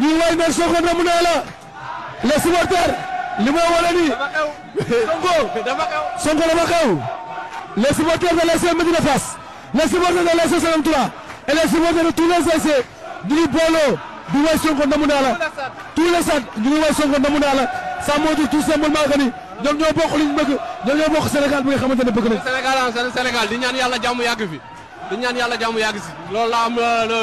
ñi way mer Sonko na mu ne la les supporters li may wane ni Sonko Sonko dafa xew les supporters de l'ASC Médina Fass les supporters de l'ASC Salam 3 et les supporters de tous les ASC ñu ngi booloo di way Sonko na mu ne la tous les stades ñu ngi way Sonko na mu ne la ça montre tout simplement que ni ñoom ñoo bokk liñ bëgg ñoom ñoo bokk Sénégal bi nga xamante ne bëgg nañ Sénégal Sénégal di ñaan yàlla jàmm yàgg fi di ñaan yàlla jàmm yàgg si loolu la am euh,